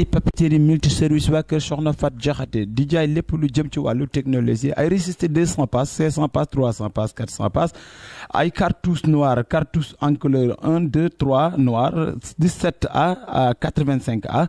ay papeterie multiservice waa kër Soxna Fat Jaxate di jaay lépp lu jëm ci wàllu technologie ay résisté 200 passes 500 passes 300 passes 400 passes ay cartouches noires cartouches en couleur 1 2 3 noir 17A à 85A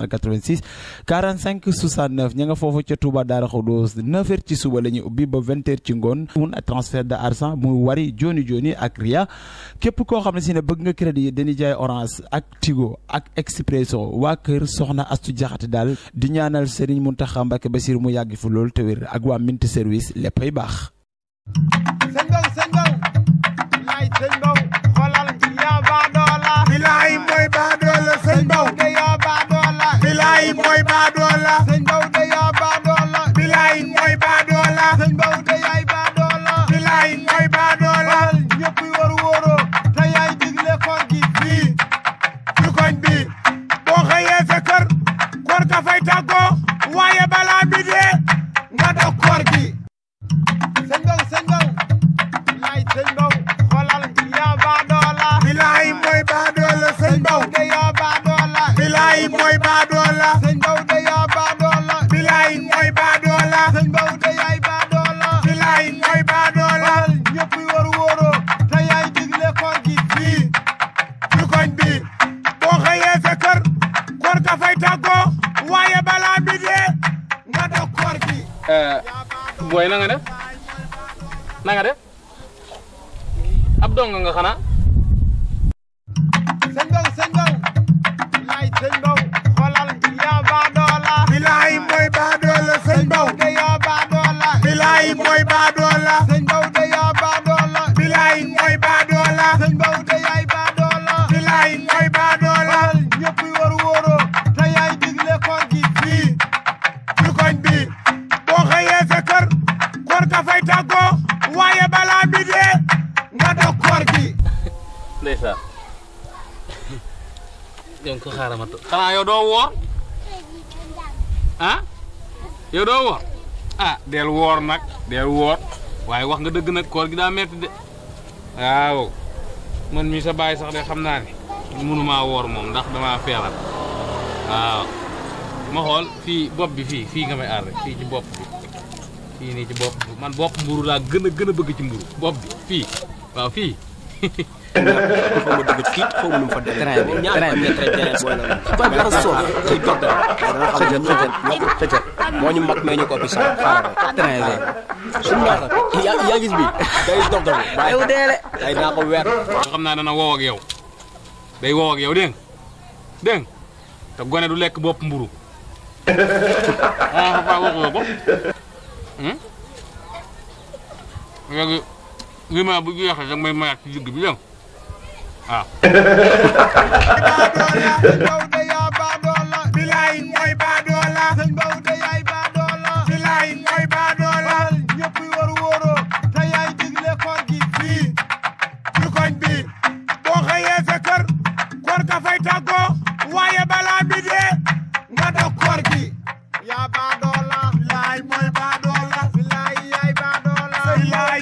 386 45 69 ña nga foofu ca Touba Daara Khoudous 9h ci suba la ñuy ubbi ba 20h ci ngoon mun transfert de argent muy wari joni joni ak ria képp koo xam ne si ne bëgg nga crédit dañuy jaay orange ak tigo ak expresso waa kër soxna astu jaxate daal di ñaanal Serigne Mountakha ba Bassir mu yàgg fi loolu te wér ak waa Mint service léppay baax sëñ Mbow sëñ tàggoo waaye balaa bi nga dog koor gi sëñ Mbow sëñ Mbow laay sëñ Mbow Eh, booy na nga def na def ab dong nga xanaa. dafay tàggoo waaye balaa bi dee nga dog koor gi ndeysaan donc xaaral doo woor ah yow doo woor ah del woor nag del woor waaye wax nga dëgg nag koor gi daa metti de waaw man mii sa baay sax de xam naa ne mënumaa woor moom ndax damaa feebar waaw ma fii bopp bi fii fii nga may aar rek fii ci bopp bi fii nii ci bopp man bopp mburu laa gën a gën a bëgg ci mburu bopp bi fii waaw fii. foo ma dugg fii moo ñu mag mais ñu ko opération xaaral naa ko weer. xam naa dana wow yow day wow yow dégg nga te gone du lekk bopp mburu ah waaw waxu bopp. Hmm? léegi lima bu jeexee da may mayaat ci digg bi dégg ah. waaw. waaye balaa bi dee nga doog koor gi yaa baa la